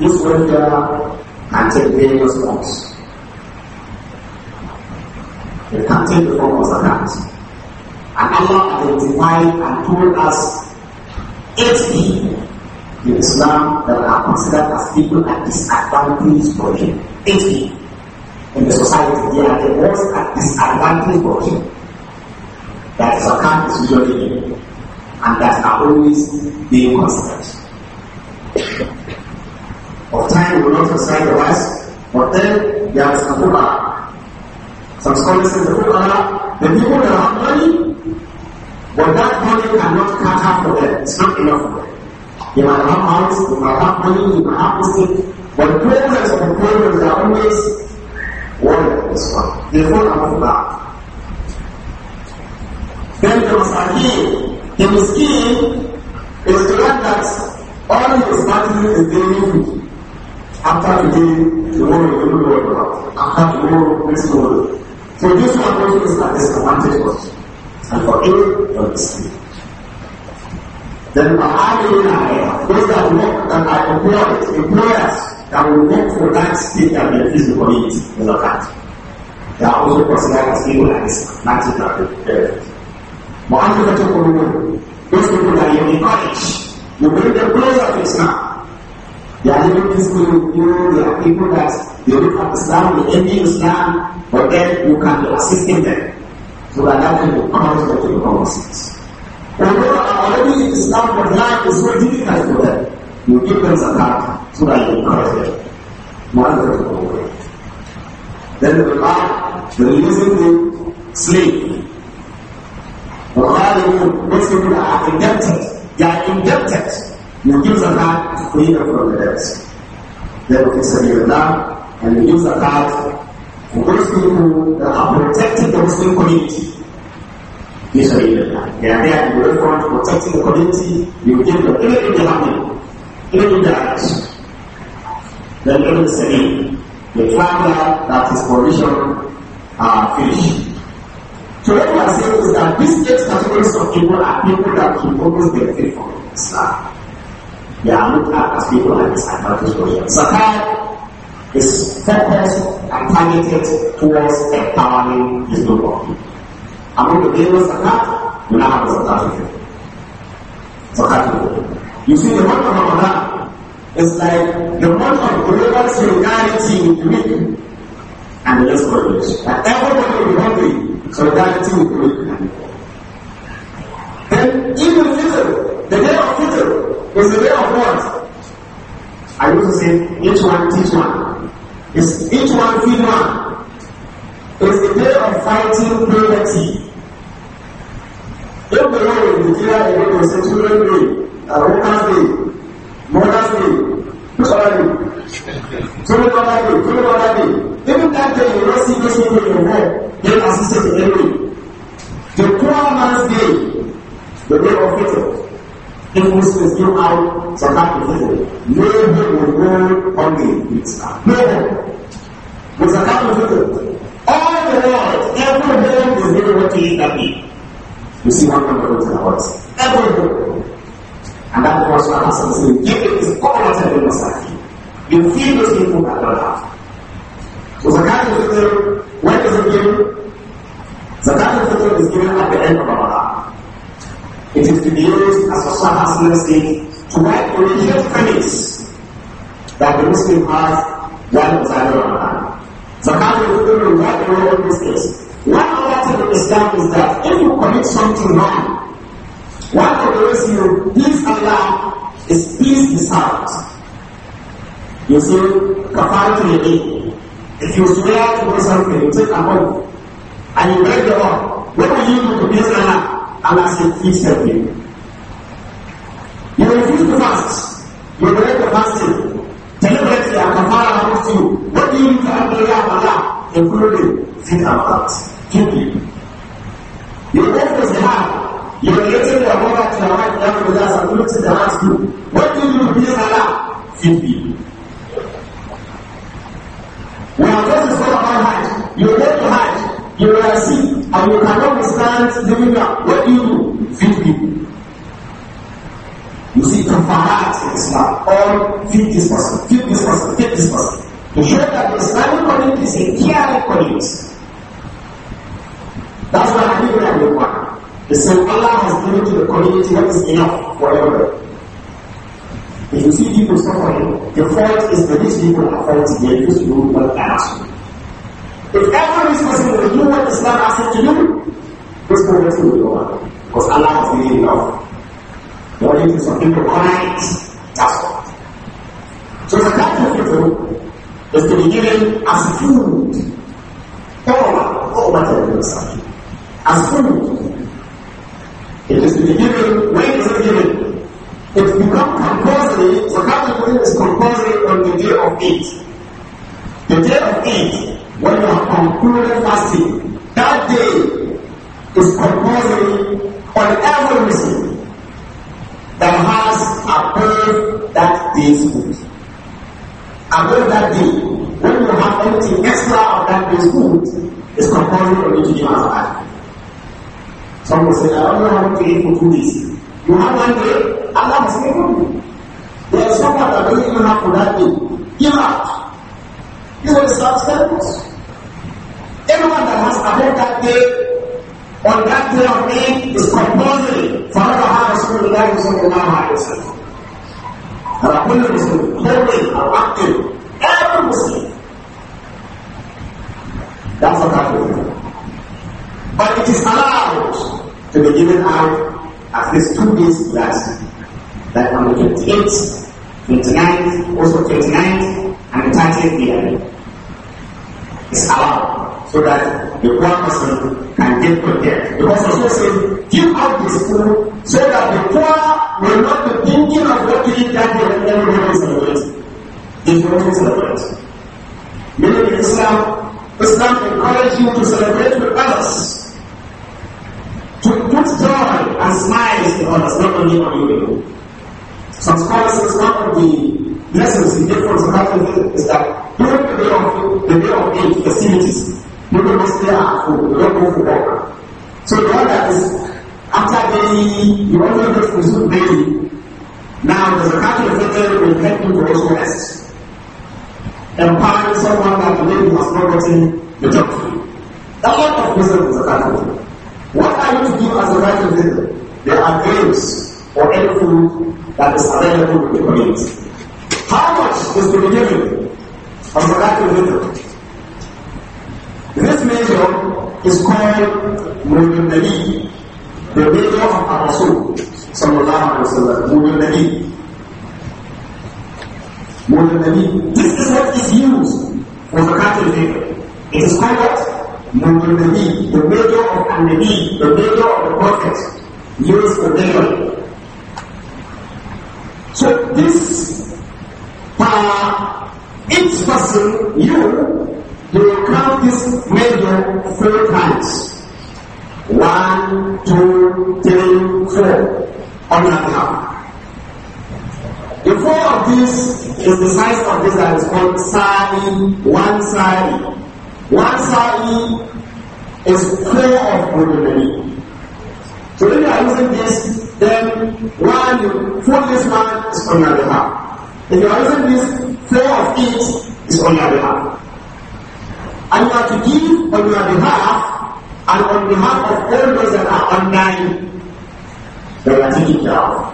This welfare until pain was lost. And the form of attacked. And Allah identified and told us eight people in Islam that are considered as people at disadvantage for him. Eight people in the society, they are the most at disadvantage for him. That his account is usually and that are always being considered of time will not recite the verse, but then there is a fuqara. Some scholars say the fuqara, the people that have money, but that money cannot half for them. It's not enough for them. You might have house, you might have money, you might have this But the programs of the programs are always one is one. They fall among that. Then the Masakin, the Miskin, is one that all his money is daily food. After the day, tomorrow you will know about. After tomorrow, next tomorrow. So this one person is not disadvantage us. And for it, you understand. Then in Mahavira, those that work and are employed, employers that will work for that state that their physical needs in the country. They are also considered as evil and disadvantage of the you, those people that you encourage, you bring them closer to Islam. They are living this new, new, they are people that they look at Islam, they Islam, but then you can be them. So that that can be counted to become Muslims. Although already in Islam, but life is very difficult for them, you give them zakat so that you encourage them. Mother to go away. Then the Quran, the releasing the slave. The Quran makes people are indebted. They are indebted. You give zakat to clean a from the debt. Then we say that, and we use zakat for those people a protecting the Muslim community. You say that. They are there in the protecting the community. You give them everything they have money, everything they have. Then we say the father that is provision are uh, finished. So what we are saying is that these eight categories of people are people that will always benefit from Islam. The armed act as people are disadvantaged Muslims. Zakat is focused and targeted towards empowering this group of people. Among the various zakat, we now have zakat Zakat You see, the month of Ramadan is like the month of global solidarity with the weak and the less privileged. Like everybody will be hungry, solidarity with the weak and the Then, even if the day of It's a way of what? I used to say, each one teach one. It's each one feed one. It's a way of fighting poverty. If the Lord will declare a way to say children day, a uh, woman's day, mother's day, children you. children day, children day, even that day you don't see those people in your home, they assisted in any way. The poor man's day, the day of victory. If Muslims give out zakat to people, nobody will go hungry in No With zakat to people, all the world, every home is doing what he is that meat. You see one number of the words. Every home. And that was what Hassan said. Giving is all what every Masaki. You feed those people that don't have. So zakat to people, when is it given? Zakat to people is given at the end of Ramadan. It is to be used as a surplus thing to wipe the religious premise that the Muslim has one while observing Ramadan. Zakat is going to wipe away all these things. One other thing in Islam is that if you commit something wrong, one of the ways you please Allah is please be servant. You see, kafar to your If you swear to do something, you take a oath and you break the law, what will you do to please Allah? Allah said, please help me. You refuse to fast. You break the fasting. Deliberately, a kafara amongst you. What do you need to obey Allah? Including sin and that. Guilty. You left the zihar. You related your brother to your wife, that with us, and looked at the hands too. What do you do please Allah? Guilty. We are going to follow our Hajj. You left the You are sick and you cannot withstand living up. What do you do? Feed people. You see, kafarat is not all feed this person, feed this person, feed this person. To show that the Islamic community is a caring community. That's why I give it one. The same Allah has given to the community what is enough for everybody. If you see people suffering, the fault is the rich people are fighting, they refuse to do what they ask if every responsible you what Islam asks say to do, this progress will be on Because Allah has made enough. you do, something to correct? That's what. So the that people is to be given as food. Tawbah, oh, tawbah As food. It is to be given, when is it given? It becomes compulsory, so that is compulsory on the day of Eid. The day of Eid when you are concluded fasting, that day is compulsory on every Muslim that has above that day's food. Above that day, when you have anything extra of that day's food, it's compulsory on you to give out Some will say, I don't know how to eat for two days. You have one day, Allah has given you. There is someone that doesn't even have for that day. Give out. These are the start standards. Everyone that has above that day, on that day of me is proposing for all the house of the Lord sallallahu alayhi wa And i woman is holy and active, every Muslim. That's what happened. But it is allowed to be given out at least two days last. That on the 28th, 29th, also 29th, and the 30th year. It's allowed so that the poor person can get prepared. Because also said, give out this food so that the poor will not be thinking of what to eat that day and what is celebrate. Is what is celebrate. Meaning in Islam, Islam encourages you to celebrate with others. To put joy and smiles in others, not only on you. Some scholars say one of the lessons in different Catholicism is that during the day of the day of eight festivities, people must stay at home. You don't go to work. So the other is after they you also get Muslim daily. Now the zakat of Fitr will help you to also rest. Empowering someone that maybe has not gotten the job for you. The lot of wisdom is zakat of Fitr. What are you to give as zakat of Fitr? There are grains or any food that is available in the community. How much is to be given as zakat of Fitr? This measure is called Mudun Nabi, the measure of our Rasul, Sallallahu Alaihi Wasallam, Mudun Nabi. Mudun Nabi. This is what is used for the country It is called what? Nabi, the measure of an Nabi, the measure of the Prophet, used for measure. So this, uh, each person, you, He will count this measure four times. One, two, three, four. On and half. The four of these is the size of this that is called sari, one sari. One sari is four of ordinary. So when you are using this, then one, you fold this one is on your behalf. If you are using this, four of it is on your behalf. and you are to give on your behalf and on behalf of all those that are online They are taking care of.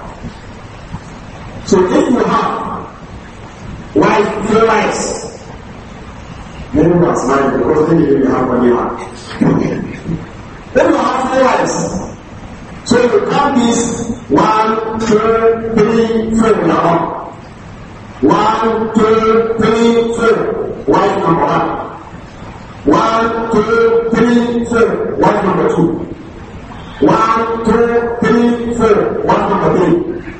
So if you have wife, your wives, many ones married because they didn't have only one. then you have three wives. So you count this one, two, three, four now. One, two, three, four. Wife number one. One, two, three, four. One number two. One, two, three, four. One number three.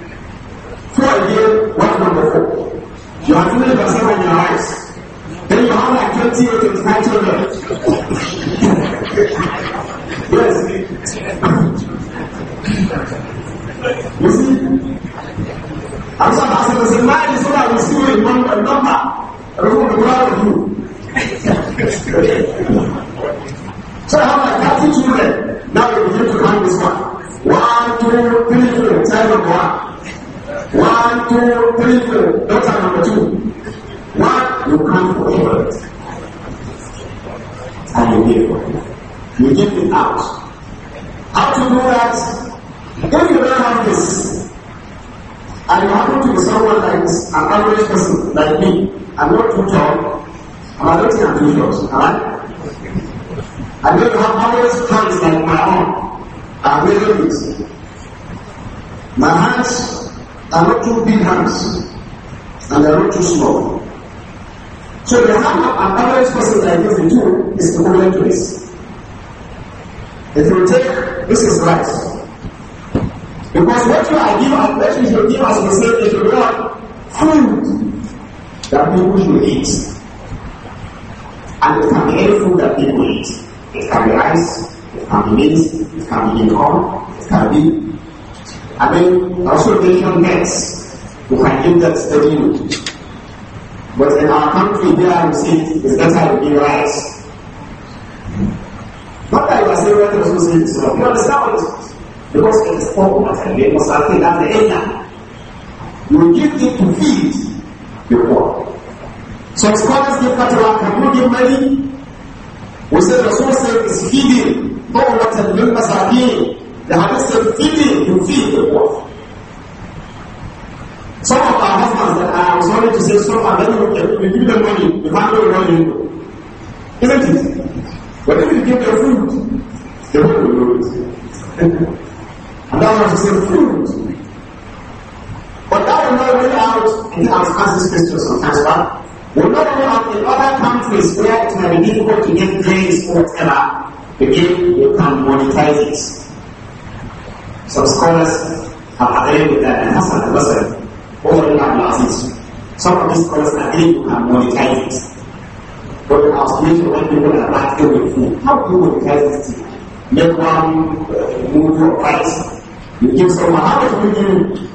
Four here, one number four. You are doing the same in your eyes. Then you have like 20 or 25 children. yes. you see? I'm sorry, I said, I said, mine is so I will see with number, number. I don't want to go out with you. so how about 30 children? Now you begin to count this one. One, two, three, four. Child number one. One, two, three, four. Daughter number two. One, you come for parents. And you give it. You give it out. How to do that? If you don't have this, and you happen to be someone like an average person, like me, I'm not too tall, Am I looking at videos? Alright? I don't have various hands like my own. I'm wearing it. My hands are not too big hands and they're not too small. So the hand of an average person like this do is equivalent to this. If you take this is right. Because what you are giving what you should give as the same if you want food that people should eat. And it can be any food that people eat. It can be rice, it can be meat, it can be corn, it can be. And then also mentioned nets. You can give that steadily. But in our country, there we see it's better to give rice. Not that you are saying what you're saying So, You understand what it is. Because it is popular and they must have that's the area. You give it to feed the poor. Some scholars give fatwa, can we give money? We said the said is feeding, members are مساكين. The hadith said feeding, you feed the poor. Some of our husbands, uh, I'm sorry to say, some are very okay. We give them money, we handle the money. Isn't it? But if you give them food, they will do it. and that was the same food. But that will not win out, and he has asked this question sometimes, right? We're not have in other countries where it may be difficult to get grades or whatever, again, you can monetize it. Some scholars have agreed with that, and Hassan al-Basri already acknowledges Some of these scholars agree you can monetize it. But I was mentioning when people are back here with food, how do you monetize this Make one uh, move your price. You give someone, how much will you give?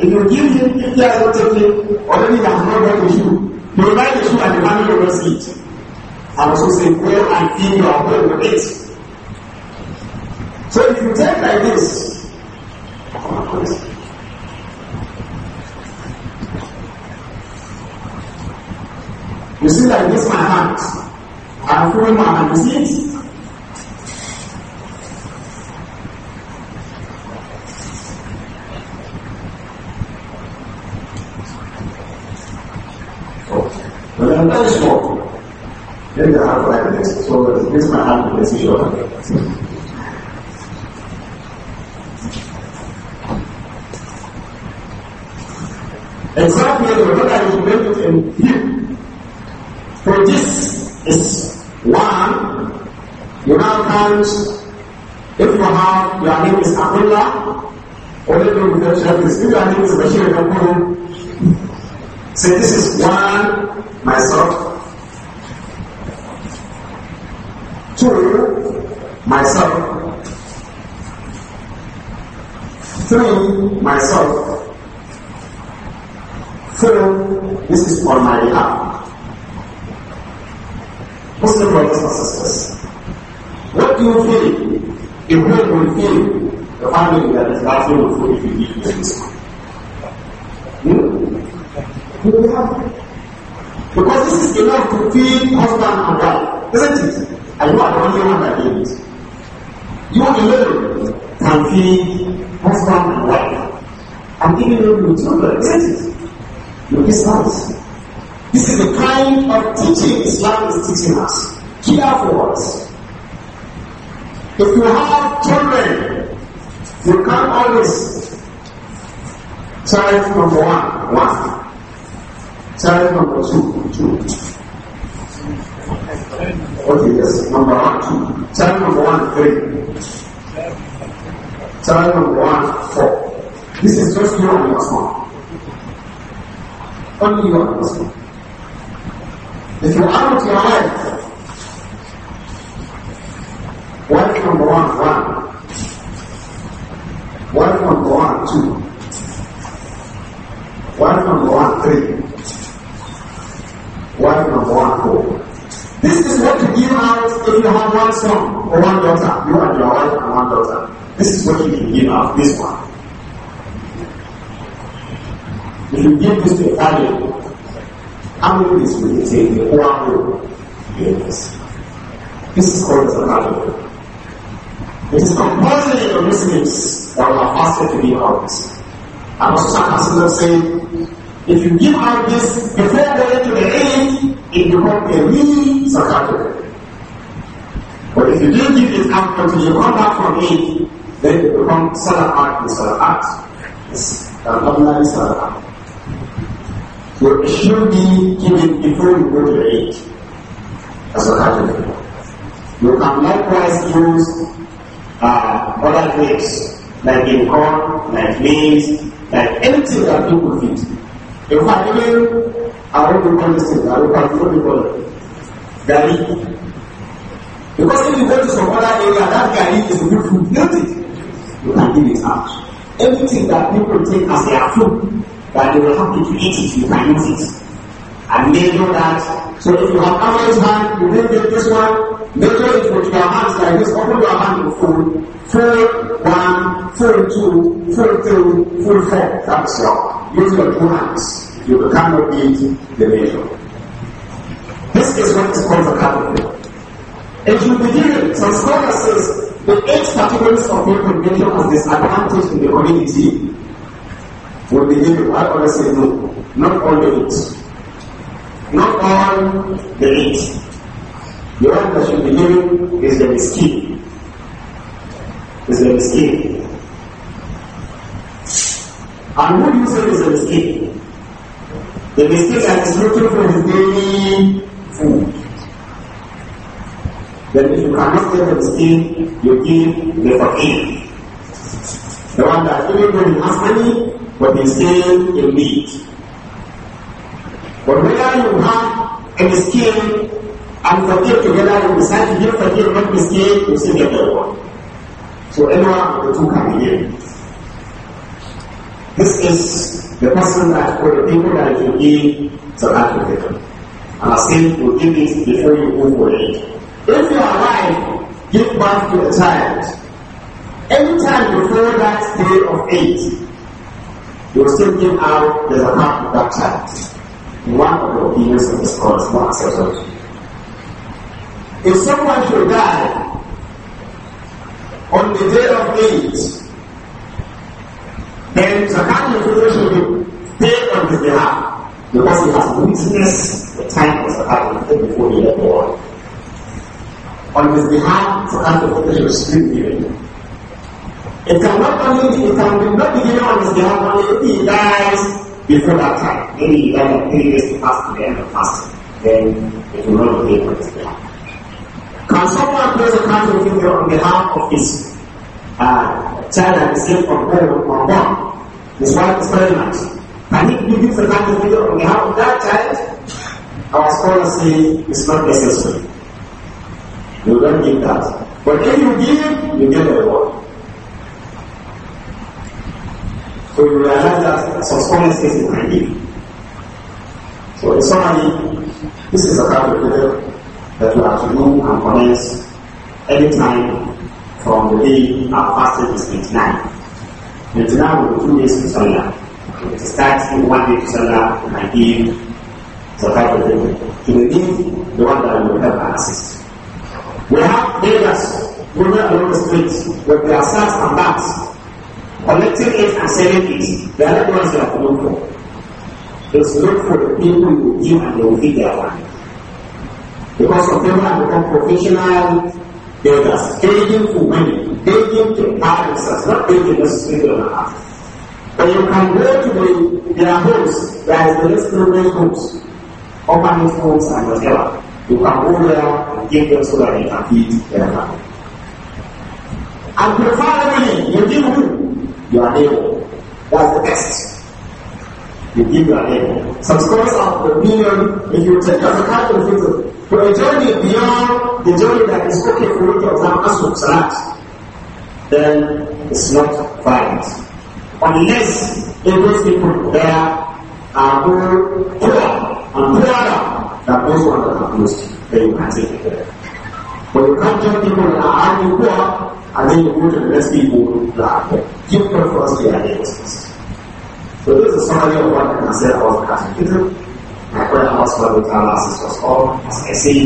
If you give him, if he has not taken, already he has not got to you. They will write the shoe and the family will not see it. I also say, well, I think you well with So if you take like this, you see like this my hand. I'm holding my hand, you see it? First of all, let me have like this. So this might happen. This is your Exactly what I recommended in here. For this is one, you now count if you have your name is Abdullah, or if you have your name is Bashir Abdullah, So this is one, myself. Two, myself. Three, myself. Four, this is on my behalf. Muslim brothers and sisters, what do you feel if we will feel the family that is laughing with food if you give this one? Hmm? will be happy. Because this is enough to feed husband and wife, isn't it? I know I don't hear one that did it. You alone can feed husband and wife. And even though you children, isn't it? You miss out. This is the kind of teaching Islam is teaching us. Care for us. If you have children, you can't always child number one, one. Time number two. two. Okay, yes. Number one, two. Time number one, three. Time number one, four. This is just you and your son. Only you and your son. If you are not your life, wife number one, one. Wife number one, two. Wife number one, three. one of one four. This is what you give out if you have one son or one daughter. You and your wife and one daughter. This is what you can give out, this one. If you give this to a family, how many this will you take? The one will give this. This is called zakat. It is compulsory on Muslims that are fasted to be honest. And also, some Muslims saying. If you give out this before going to the end, it becomes a really sarcastic. But if you don't give it out until you come back from it, then it becomes salat and salat. It's an ordinary salat. So it should be given before you go to the end. As a category. You can likewise use uh, other grapes, like in corn, like maize, like anything that people feed. ẹ̀fọ́ àdúgbò àwọn olùkọ́ ní sèlú àwọn olùkọ́ ní bọ́ọ̀lù gàrí because if you go to some other area that gàrí is a good guilty you can give it out everything that people take as their food that they will have to eat it you can eat it and make sure that so if you have average hand you dey take this one Make sure it with your hands like this open your hand to full full one full two full three full four that's all. Use your two hands. You cannot eat the measure. This is what is called vocabulary. And you begin, some scholars says, the eight categories of people mentioned as disadvantage in the community will be given. I always say no, not all the eight. Not all the eight. The one that should be given is the miskin. Is the miskin. And who do is a mistake? The mistake that is looking for his daily food. Then if you cannot get the mistake, you give the faqir. The one that even when he has money, but he's still in need. But where you have a mistake and faqir together, you decide to give forgive, not mistake, you still the other one. So everyone of the two can be here. This is the person that, or the people that you give to Africa. I say you give it before you move it. If you are alive, give birth to a child. Anytime before that day of age, you still give out the account of that child. One of the opinions of the scholars, more acceptable. If someone should die on the day of age, then Zakariah should be paid on his behalf because he has witnessed the time of Zakariah before he left the world. On his behalf, Zakariah was still given. It cannot only it can not be given on his behalf only if he dies before that time. Maybe he died like three days past the end of fasting. Then it will not be given on his behalf. Can someone place a counter on behalf of his uh, child that escaped from home or not? His wife is pregnant. And if giving fertility video on behalf of that child, our scholars say it's not necessary. You don't give that. But if you give, you get a reward. So you realize that some scholars say you can So in summary, this is a calculator that you have to know and commence anytime from the day our fasting is 29. But now we two days to Salah. We start in one day to Salah and give Zakat of the To the need, the one that will help and assist. We have neighbors moving along the street with their sacks and bags, collecting it and selling it. They are the ones you have to look for. It's not for the people you give and they will feed their family. Because of them have become professional builders, trading for money begin to add does not begin necessarily a us. And you can go to the, their homes, there is the of children's homes, orphan homes and whatever. You can go there and give them so that they can feed their family. And preferably, you give who? Your neighbor. That's the best. You give your neighbor. Some scholars are of opinion, if you take as a kind of reason, for a journey beyond the journey that is okay for you to observe as salat, then it's not violence. Unless those people there are more poor and poorer than those ones are abused, then you can take care. But you can't judge people that are already poor and then you go to the next people that are poor. Give preference to their neighbors. So this is summary of what I can say about Catholicism. I pray Allah subhanahu wa ta'ala assist us all. As I say,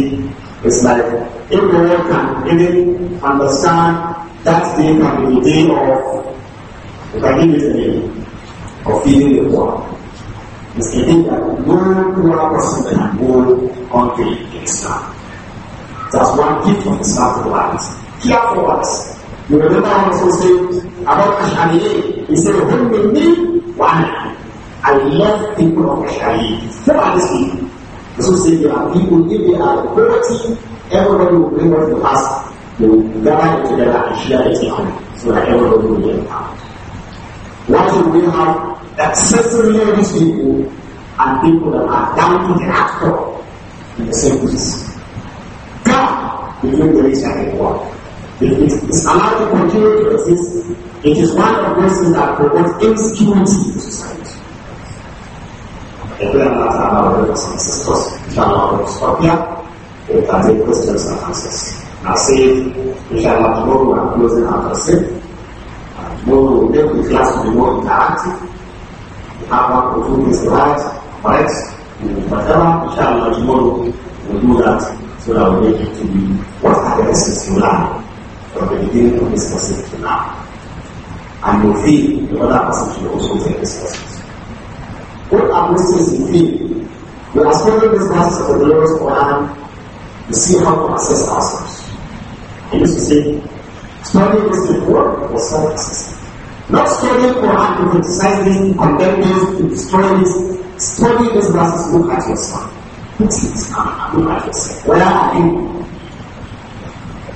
it's like if no one can even understand that day can be the day of, if I give it a name, of feeding the poor. It's a thing that no poor person can go onto in Islam. That's one gift of the start of life. Care for us. You remember I also said about Ash'ari, he said, Whom will me? One. I love people of Ash'ari. Who are these people? So, say saying there are people, if they are poverty, everybody will bring what you ask. They will gather together and share it equally, so that everybody will get empowered. Why should we have excessively rich people and people that are down to the hardcore in the same place? God between the rich and the poor. it is allowed to continue to exist, it is one of the reasons that promotes insecurity in society. itu yang pertama berbasiskan Yesus insyaallah berstopnya tadi itu sudah sangat sukses nasib insyaallah semua makhluk yang agresif mulu dia ikhlas semua taati apa usul istirahat baik Pertama, insya Allah jumlah mudah sudah menjadi tinggi wahada sesulan berbeda dengan diskusi kita. Anufi kepada apa sahaja usul diskusi What are Muslims in need? We are studying these verses of the glorious Quran to see how to assess ourselves. And this is it. Studying this report was self assessment. Not studying Quran to criticize this, condemn this, to destroy this. Studying these verses, look at yourself. Put it down and look at yourself. Where are you?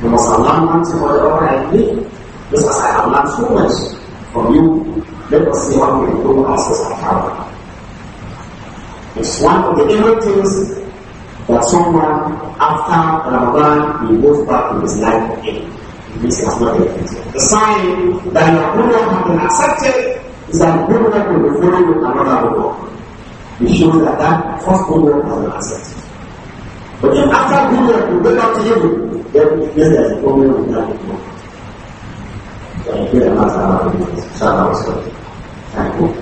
You must allow learned to thing or the other, I think. Just as I have learned so much from you, let us see how we improve ourselves at it's one of the evil things that someone after Ramadan will go back to his life again. This is not the The sign that your prayer has been accepted is that the prayer will be following with another reward. It shows that that first prayer has been accepted. But if after prayer we go back to you, then it means there's a problem with that reward. So Thank you.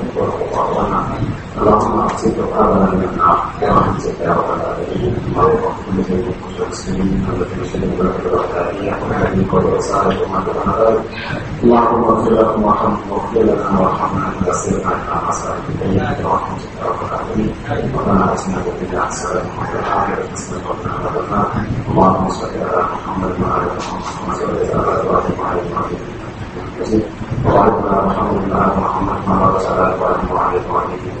اللهم اعطيك امنا من يا رحمتك يا رب العالمين اللهم اغفر لجميع المسلمين الذين شهدوا لك بالوحدانيه وبهديك وبرسالك وما تبعد اللهم اغفر لهم وارحمهم واغفر لنا وارحمنا انت سيرنا على مسائل الدنيا برحمتك يا رب العالمين ربنا اتنا في الدنيا حسنه وفي الاخره اللهم صل على محمد وعلى ال محمد وعلى ال ابراهيم وعلى ال ابراهيم وعلى محمد وعلى محمد وعلى ال ابراهيم وعلى ال ابراهيم